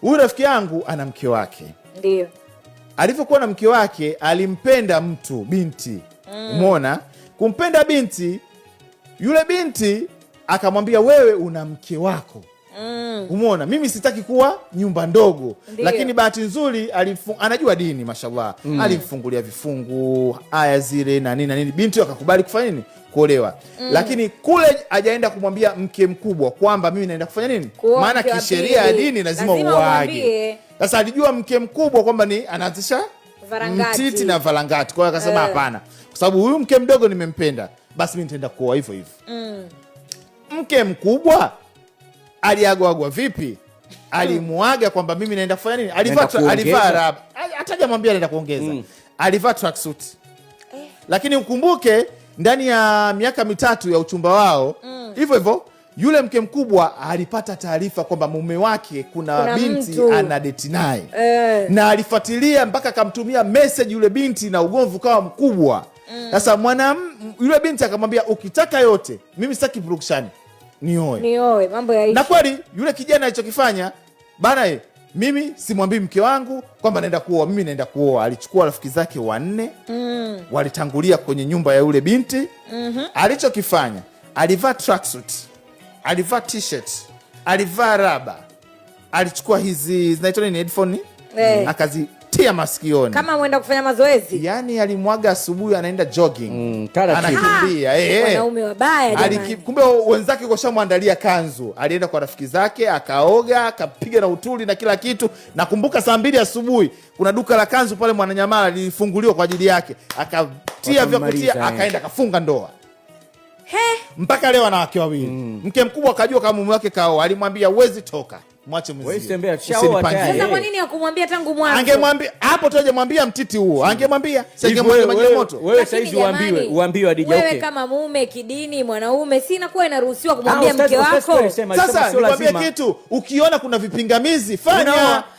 Huyu rafiki yangu ana mke wake, ndio alivyokuwa na mke wake alimpenda mtu binti, mm. umeona mm. Kumpenda binti, yule binti akamwambia wewe una mke wako mm. umona mimi sitaki kuwa nyumba ndogo Ndiyo. Lakini bahati nzuri anajua dini mashallah mm. Alimfungulia vifungu aya zile na nini na nini, binti akakubali kufanya nini kuolewa mm. Lakini kule ajaenda kumwambia mke mkubwa kwamba mimi naenda kufanya nini, maana kisheria ya dini lazima uage. Sasa alijua mke mkubwa kwamba ni anaanzisha varangati. mtiti na varangati, kwa hiyo akasema eh. hapana uh. kwa sababu huyu mke mdogo nimempenda, basi mimi nitaenda kuoa hivyo hivyo mm. mke mkubwa aliagwagwa vipi? Hmm. alimwaga kwamba mimi naenda kufanya nini? Alivaa hata jamwambia anaenda kuongeza, hmm. alivaa mm. lakini ukumbuke ndani ya miaka mitatu ya uchumba wao hmm. hivyo hivyo yule mke mkubwa alipata taarifa kwamba mume wake kuna, kuna binti ana deti naye eh, na alifuatilia mpaka akamtumia meseji yule binti na ugomvi ukawa mkubwa sasa. Mm, mwana yule binti akamwambia ukitaka yote mimi sitaki purukushani nioe. Nioe, mambo ya Na kweli yule kijana alichokifanya bana ye, eh, mimi simwambii mke wangu kwamba naenda kuoa, mimi naenda kuoa. Alichukua rafiki zake wanne mm. walitangulia kwenye nyumba ya yule binti mm -hmm. Alichokifanya alivaa tracksuit, alivaa t-shirt, alivaa raba, alichukua hizi zinaitwa nini headphone, hey. Eh. akazi tia masikioni kama mwenda kufanya mazoezi. Yani alimwaga asubuhi, anaenda jogging mm, anakimbia eh, eh. wanaume wabaya Kumbe wenzake washamwandalia kanzu, alienda kwa rafiki zake akaoga akapiga na utuli na kila kitu. Nakumbuka saa mbili asubuhi kuna duka la kanzu pale Mwananyamala lilifunguliwa kwa ajili yake, akatia vya kutia, eh. akaenda akafunga ndoa He? mpaka leo ana wake wawili mm. Mke mkubwa akajua kama mume wake kaoa, alimwambia uwezi toka mwache mzee. Sasa kwa nini tangu mwanzo? Angemwambia hapo tu, hajamwambia mtiti huo, angemwambia singemwambia maji moto. Wewe sasa uambiwe, uambiwe hadi Wewe kama mume kidini, mwanaume, si inakuwa inaruhusiwa kumwambia mke wako? Sasa nikwambie kitu, ukiona kuna vipingamizi fanya